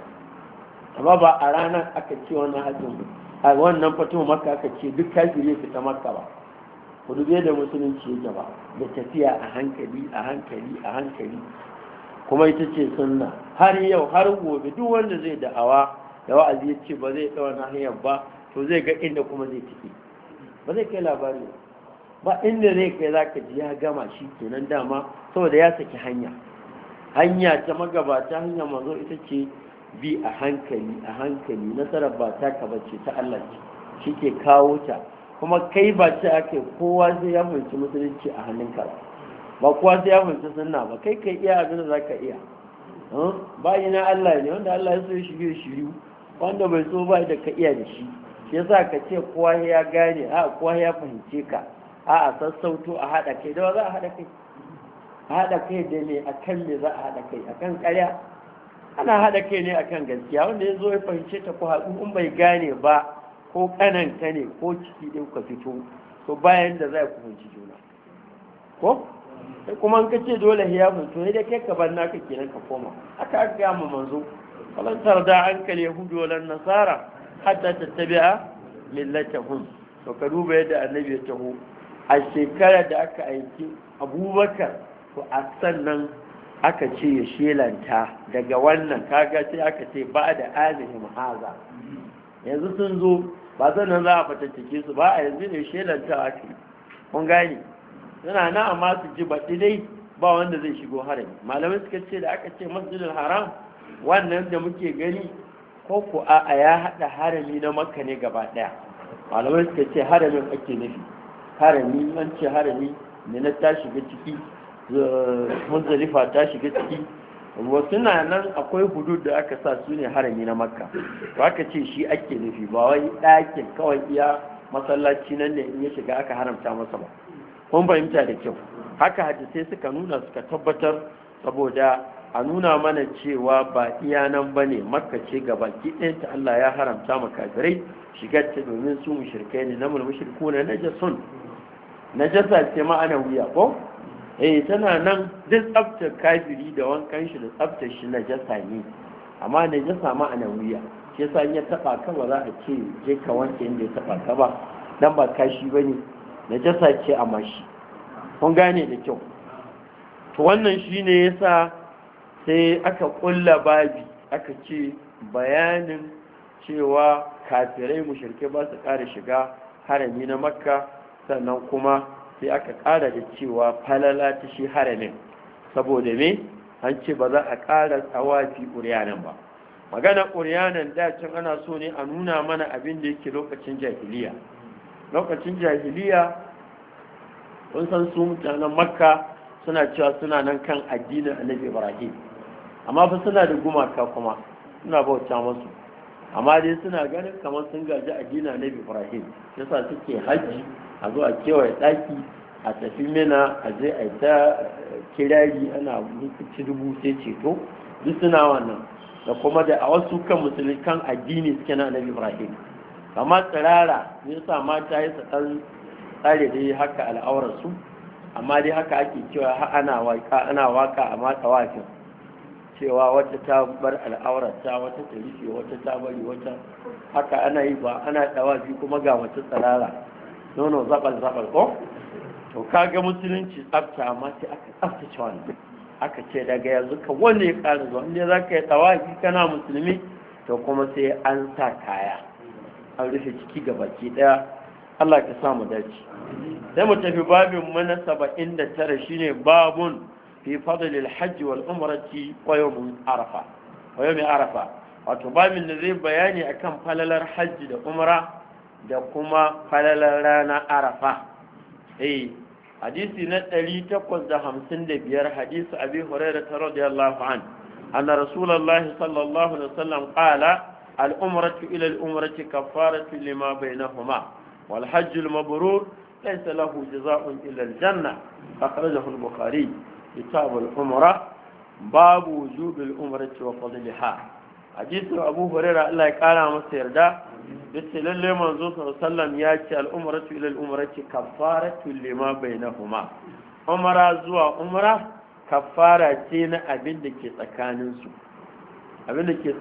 amma ba a ranar aka ce wannan hajjin a wannan fatima maka aka ce duk kafiri fita maka ba ku zai da musulunci ya gaba. da tafiya a hankali a hankali a hankali kuma ita ce sunna har yau har gobe duk wanda zai da'awa da wa'azi ya ce ba zai ɗaura na hanyar ba to zai ga inda kuma zai tafi ba zai kai labari ba inda zai kai za ka ji ya gama shi kenan dama saboda ya saki hanya hanya ta magabata hanya manzo ita ce bi a hankali a hankali nasarar ba ta ka bace ta Allah ce ke kawo ta kuma kai ba ce ake kowa zai ya fahimci musulunci a hannun ka ba kowa zai ya fahimci sunna ba kai kai iya abin da za ka iya hmm? bayi na Allah ne wanda Allah ya so ya shirye shiru wanda bai so ba da ka iya da shi shi yasa ka ce kowa ya gane a kowa ya fahimce ka a a sassauto a haɗa kai da za a haɗa kai a haɗa kai da me kan me za a haɗa kai a kan ƙarya ana haɗa kai ne akan gaskiya wanda ya zo ya fahimce ta ko haɗu in bai gane ba ko ƙananta ne ko ciki ɗin ka fito to bayan da za ku fahimci juna ko sai kuma in ka dole ya to sai dai kai ka bar naka kenan ka koma aka ga mu manzo falan tarda an kal yahudu wal nasara hatta tattabi'a millatahum to ka duba yadda annabi ya taho a shekarar da aka aiki abubakar to a sannan aka ce ya shelanta daga wannan kaga sai aka ce ba da alihi haza yanzu sun zo ba nan za a fatattake su ba a yanzu ne shelanta ake kun gani suna na amma su ji baɗi dai ba wanda zai shigo harami malamai suka ce da aka ce masjidin haram wannan da muke gani ko ku a ya haɗa harami na makka ne gaba ɗaya malamai suka ce haramin ake nufi harami an ce harami ne na ta shiga ciki muzalifa ta shiga ciki wasu na nan akwai hudud da aka sa su ne harami na makka to aka ce shi ake nufi ba wai ɗakin kawai iya masallaci nan ne in ya shiga aka haramta masa ba kun fahimta da kyau haka hadisai suka nuna suka tabbatar saboda a nuna mana cewa ba iya nan ba ne makka ce ga baki ɗayanta Allah ya haramta ma kafirai shigar ta domin su mushrikai ne na mulmushriku na najasun najasa ce ma'ana wuya ko eh tana nan duk tsaftar kafiri da wankan shi da tsaftar shi na jasa ne amma na jasa ma a nan wuya shi yasa in ya taba ka ba za a ce je ka wanke inda ya taba ka ba dan ba kashi bane na jasa ce a mashi kun gane da kyau to wannan shine yasa sai aka kulla babi aka ce bayanin cewa kafirai mushrike ba su ƙara shiga harami na makka sannan kuma sai aka ƙara da cewa falala ta shi haramin saboda me an ce ba za a ƙara tsawafi ƙuryanan ba magana ƙuryanan dacin ana so ne a nuna mana abin da yake lokacin jahiliya lokacin jahiliya kun san su mutanen makka suna cewa suna nan kan addinin annabi ibrahim amma fa suna da gumaka kuma suna bauta masu amma dai suna ganin kamar sun gaji addini na ibrahim yasa suke hajji a zo a kewaye daki a tafi mina a je a ta eh, kirari ana dubu sai ceto duk suna wannan da kuma da a wasu kan musulmi kan addini suke na na ibrahim amma tsirara ne sa mata yi su ɗan tsare yi haka al'aurarsu amma dai haka ake cewa ana waka ana waka a mata wakin cewa wata ta bar al'aurata wata ta rufe wata ta bari wata haka ana yi ba ana dawafi kuma ga wata tsarara nono zabal zabal ko to kaga musulunci tsafta amma sai aka tsaftace wannan aka ce daga yanzu ka wani ya kara zuwa inda za ka yi dawafi kana musulmi to kuma sai an sa kaya an rufe ciki ga baki daya Allah ka sa mu dace sai mu tafi babin mana 79 shine babun fi fadl lhaji walumrati wa yaumin arafa wato babin da zai bayani akan falalar hajji da umra da kuma falalar rana arafa ee hadisi na 855 hadisi abi huraira ta radiyallahu an anna rasulullah sallallahu alaihi wasallam qala al umratu ila al umrati kafaratu lima bainahuma wal hajj al mabrur laysa lahu jaza'un illa al janna akhrajahu al bukhari kitabul umra babu wujubil umrati wa fadliha hadisin Abu Hurairah Allah ya kara masa yarda yace lalle manzo sallallahu alaihi ya ce al-umratu ila al-umrati kaffaratu lima bainahuma umra zuwa umra kaffara ce na abin da ke tsakanin su da ke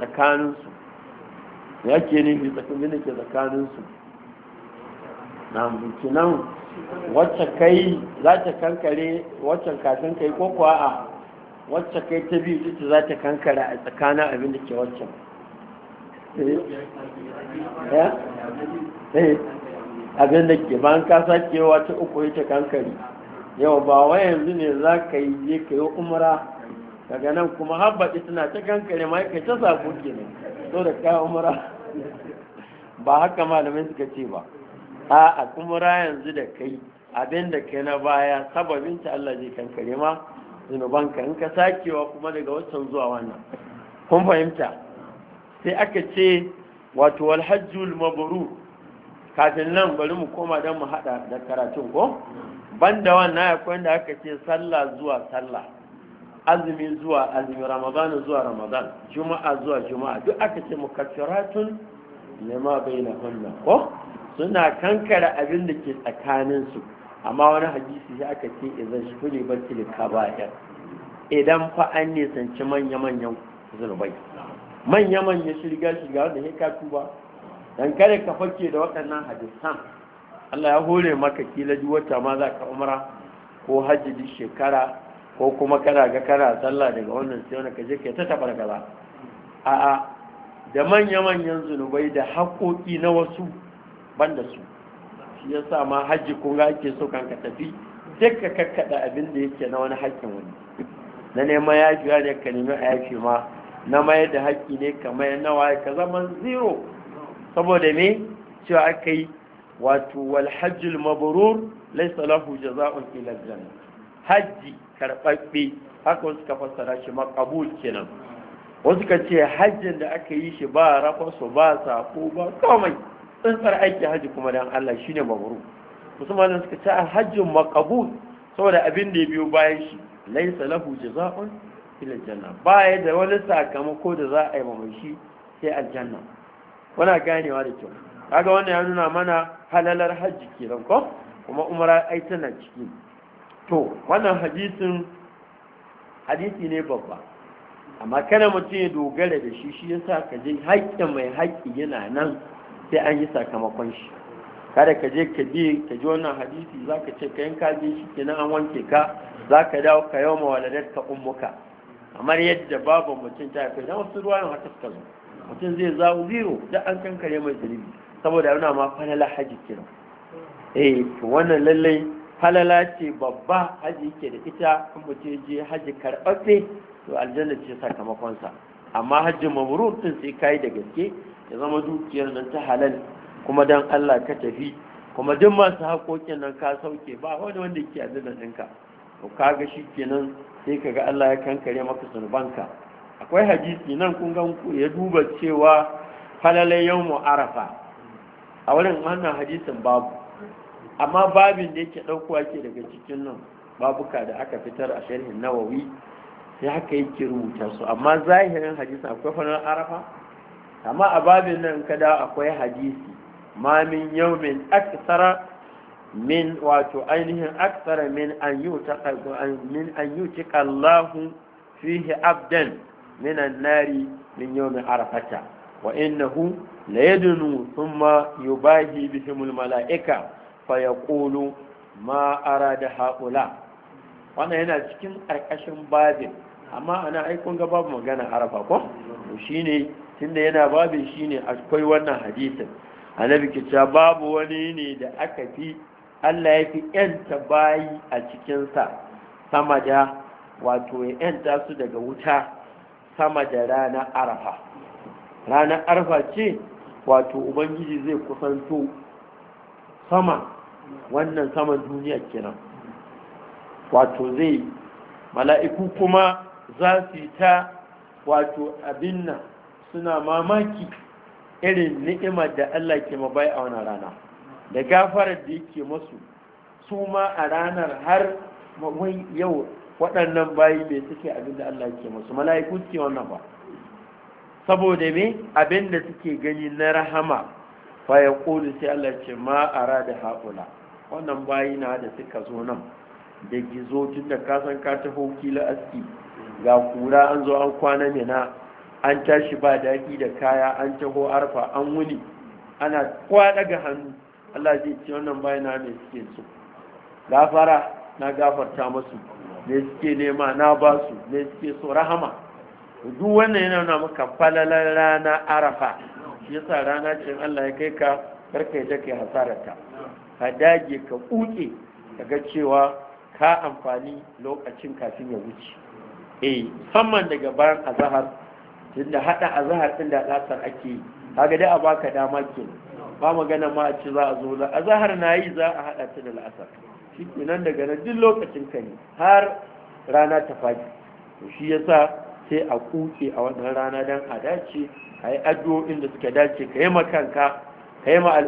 wacce kai za ta kankare waccan kafin kai ko kuwa a wacce kai ta biyu ita za ta kankare a tsakanin abin da ke waccan eh? eh? eh. abin da ke ban kasa kewa ta uku ita kankare yau ba wa yanzu ne za ka yi je ka yi umara daga nan kuma ita tana ta kankare ma kai ta ke ne so da ka umara ba haka malamin suka ce ba a umra yanzu da kai abin da kai na baya sababin ta Allah zai kankare ma zunubanka in ka sakewa kuma daga wancan zuwa wannan kun fahimta sai aka ce wato walhajjul mabru kafin nan bari mu koma don mu hada da karatun ko banda wannan ya koyi da aka ce sallah zuwa sallah azumi zuwa azumi ramadan zuwa ramadan juma'a zuwa juma'a duk aka ce mukaffiratun nema bai na ko suna kankara abin da ke tsakaninsu amma wani hadisi ya aka ce idan shi kuli ba da ba idan fa an nisanci manya-manyan zurbai manya-manyan shirga-shirga wanda ya kafi ba don kare ka fake da waɗannan hadisan Allah ya hore maka kila ji wata ma za ka umara ko hajji duk shekara ko kuma kana ga kana sallah daga wannan sai wani kaje ka ta tabar a'a da manya-manyan zunubai da haƙoƙi na wasu banda su shi ya sa ma hajji kunga ake so kan tafi duk ka kakkaɗa abin da yake na wani haƙƙin wani na neman yafiya ne ka nemi a yafi ma na mayar da haƙƙi ne ka mayar nawa ka zama zero saboda me cewa aka yi wato walhajjul mabrur laysa lahu jaza'un ila janna hajji karɓaɓɓe haka wasu ka fassara shi maqbul kenan wasu ka ce hajjin da aka yi shi ba rafarsu ba sako ba komai tsantsar aiki hajji kuma dan Allah shi shine mabrur musamman suka ce ah, hajjin makabu saboda abin da ya biyo bayan shi laisa lahu jaza'un ila janna baya da wani sakamako da za a yi mai shi sai aljanna wana ganewa da kyau kaga wannan ya nuna mana halalar hajji kenan ko kuma umara ai tana ciki to wannan hadisi ne babba amma kana mutum ya dogara da shi shi yasa ka je haƙƙin mai haƙƙi yana nan sai an yi sakamakon shi kada ka je ka bi ka ji wannan hadisi za ka ce ka yin ka shi kenan an wanke ka za ka dawo ka yau mawaladar ka ummuka kamar yadda babu mutum ta kai dan wasu ruwan haka suka zo mutum zai zawo zero da an kankare mai zunubi saboda yana ma fa na lahaji kira eh wannan lallai falala ce babba haji ke da ita kuma mutum je haji karɓaɓɓe to aljanna ce sakamakonsa amma hajji mabrur din sai kai da gaske ya zama dukiyar nan ta halal kuma dan Allah ka tafi kuma duk masu haƙoƙin nan ka sauke ba wani wanda yake aljanna ɗinka to kaga shi kenan sai kaga Allah ya kankare maka sunubanka akwai hadisi nan kun ga ya duba cewa falalai yawmu arafa a wurin wannan hadisin babu amma babin da yake ɗaukowa ke daga cikin nan babuka da aka fitar a sharhin nawawi sai haka yake rubuta su amma zahirin hadisi akwai fanar arafa amma a babin nan kada akwai hadisi ma min yawmin aksara min wato ainihin aksara min an yi min an yi ta Allahu fihi abdan min annari min yawmin arafata wa innahu la yadunu thumma yubahi bihimul mala'ika fayaqulu ma da haula wannan yana cikin ƙarƙashin babin amma ana aikun ga babu magana arafa ko shine tunda yana babin shine akwai wannan hadisin annabi ke cewa babu wani ne da aka fi Allah ya fi yanta bayi a cikinsa sama da wato ya yanta su daga wuta sama da rana arafa ranar arafa ce wato ubangiji zai kusanto sama wannan saman duniya kenan wato zai mala'iku kuma za su ta wato abin nan suna mamaki irin ni'imar da Allah ke mabai a wannan rana da gafarar da yake masu su ma a ranar har wai yau waɗannan bayi bai suke abin da Allah ke masu mala'iku ke wannan ba saboda me abin da suke gani na rahama fa ya sai Allah ce ma a da haƙula wannan bayi na da suka zo nan da gizo tun da kasan ka taho kila aski ga kura an zo an kwana mina an tashi ba daki da kaya an taho arfa an wuni ana kwada ga hannu Allah zai ce wannan bayi na mai suke su gafara na gafarta masu ne suke nema na ba su ne suke so rahama duk wannan yana nuna maka falalar rana arafa shi yasa rana ce Allah ya kai ka karka take kai ta ka dage ka kuke ga cewa ka amfani lokacin kafin ya wuce eh musamman daga bayan azahar tunda hada azahar din da lasar ake yi kaga dai a baka dama kenan ba magana ma a ci za a zo da azahar na yi za a hada ta da la'asar shi kenan daga nan duk lokacin ka ne har rana ta faɗi shi yasa sai a kuke a wannan rana dan a dace a yi addu'o'in da suka dace ka yi makanka ka yi ma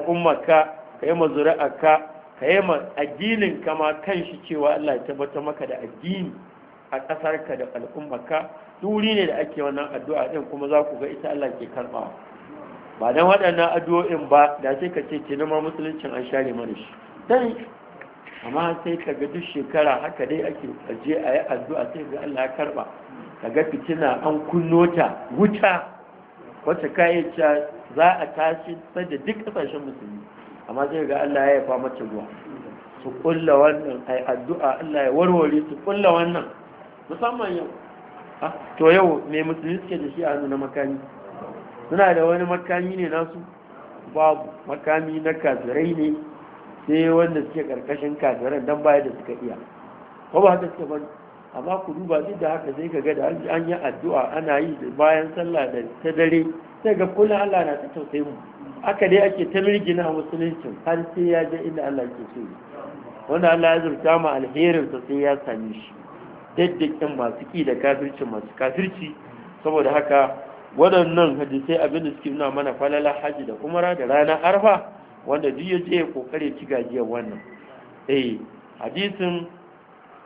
ka. ka yi mazuri'arka ka yi ma addinin kama kan shi cewa Allah ya tabbatar maka da addini a ƙasarka da al'ummarka duri ne da ake wannan addu'a din kuma za ku ga ita Allah ke karɓa. ba don waɗannan addu'o'in ba da sai ka ce ce ma musuluncin an share mana shi Kama amma sai ka ga duk shekara haka dai ake aje a yi addu'a sai ga Allah ya karɓa Kaga ga fitina an kunno ta wuta wacce ka za a tashi sai da duk ƙasashen musulmi amma zai ga Allah ya yafa mata ruwa su kulla wannan ai addu'a Allah ya warware su kulla wannan musamman yau to yau me musulmi suke da shi a hannu na makami suna da wani makami ne nasu babu makami na kafirai ne sai wanda suke karkashin kafiran dan baya da suka iya ko ba haka suke bani amma ku duba duk da haka sai ka ga da an yi addu'a ana yi bayan sallah da ta dare sai ga kullum Allah na ta tausayi mu Aka dai ake ta mirgina a musuluncin har sai ya je inda Allah ke so wanda Allah ya zurta mu alherin sa sai ya same shi daddakin masu ki da kafirci masu kafirci saboda haka waɗannan hadisai abin da suke nuna mana falala haji da umara da rana arfa wanda duk ya je ya kokare ci gajiyar wannan eh hadisin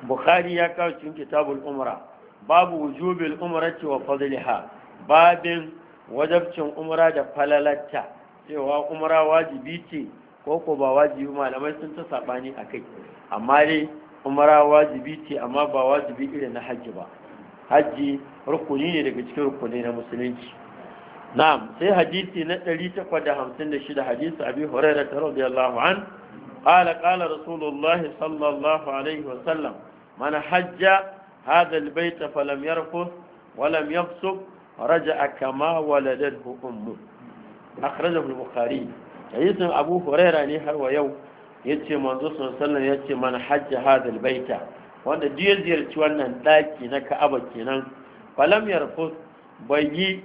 bukhari ya kawo cikin kitabul umara babu wujubil umrati wa fadliha babin wajabcin umara da falalatta. cewa umara wajibi ce ko ko ba wajibi malamai sun ta sabani a kai amma dai umara wajibi ce amma ba wajibi irin na hajji ba hajji rukuni ne daga cikin rukuni na musulunci na'am sai hadisi na 856 hadisi abi hurairah radiyallahu an qala qala rasulullah sallallahu alaihi wa sallam man hajja hadha albayt falam yarfuth wa lam yafsuq raja'a kama waladahu ummuh akhrajahu al-bukhari hadisin abu huraira ne har wa yau yace manzo sallallahu alaihi yace man hajja hadha al-baita wanda duk ya ziyarci wannan daki na ka'aba kenan falam yarfus bai yi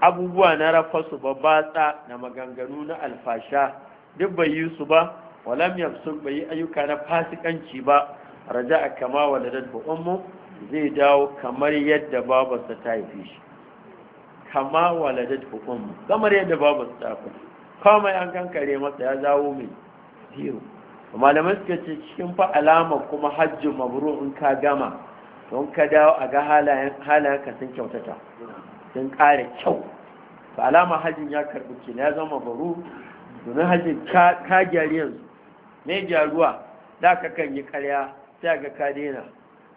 abubuwa na rafasu ba batsa na maganganu na alfasha duk bai yi su ba walam yafsu bai yi ayyuka na fasikanci ba raja'a kama waladat ba ummu zai dawo kamar yadda babarsa ta haife shi kama waladat hukum kamar yadda babu tsafi kama an kankare masa ya zawo min. zero malamai suka ce cikin fa alama kuma hajji mabru in ka gama don ka dawo a ga halayen halayenka sun kyautata sun ƙara kyau fa alama hajjin ya karɓi ke ya zama baro domin hajjin ka gyari yanzu me gyaruwa da ka kan yi karya sai ga ka daina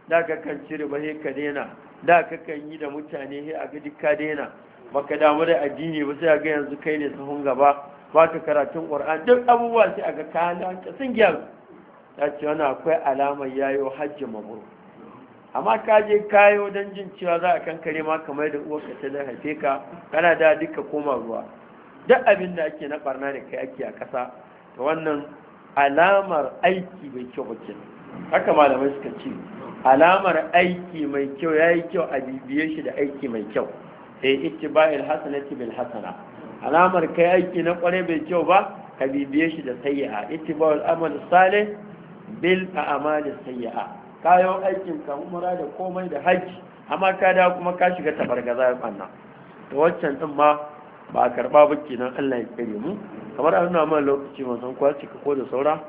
da ka kan cire ba ka daina da kakan yi da mutane sai a ga dukka daina baka damu da addini ba sai a ga yanzu kai ne sahun gaba ba ka karatun ƙwar'an duk abubuwa sai a ga kayan sun gyaru ta ce wani akwai alamar yayo hajji mabur amma ka je kayo don jin cewa za a kankare ma kamar da uwarka ta da haife ka kana da duka koma ruwa duk abin da ake na barna da kai ake a kasa ta wannan alamar aiki bai kyau ba haka malamai suka ce alamar aiki mai kyau ya yi kyau a bibiye shi da aiki mai kyau sai eh, ittiba'il hasanati bil hasana alamar kai aiki na kware bai kyau ba ka bibiye shi da sayya'a ittiba'ul amal salih bil a'mal sayya'a Kayan aikin ka umra da komai da haji amma ka da kuma ka shiga tabargaza ya kwanna to waccan din ma ba karba ba kenan Allah ya kare mu kamar an nuna mana lokaci mun san kwaci ko da saura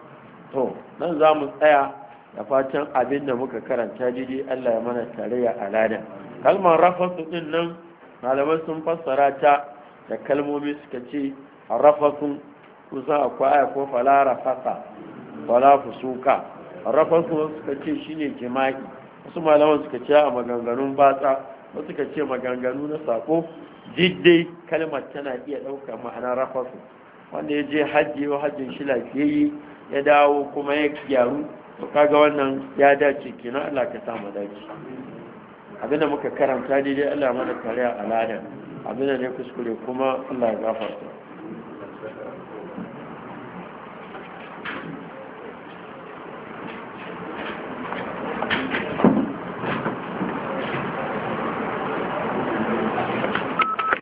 to nan za mu tsaya da fatan abin da muka karanta daidai Allah ya mana tarayya a ladan kalmar rafasu din nan malaman sun fassara ta da kalmomi suka ce rafasun kusan akwai aya ko fala rafasa fala fusuka rafasun suka ce shine jima'i wasu malaman suka ce a maganganun batsa wasu suka ce maganganu na sako diddai kalmar tana iya ɗaukar ma'ana rafasu wanda ya je hajji wa hajjin shi lafiyayye ya dawo kuma ya gyaru to kaga wannan ya dace kenan Allah ka sa mu dace abinda muka karanta daidai Allah mana kariya a aladan abinda ne kuskure kuma Allah ya gafarta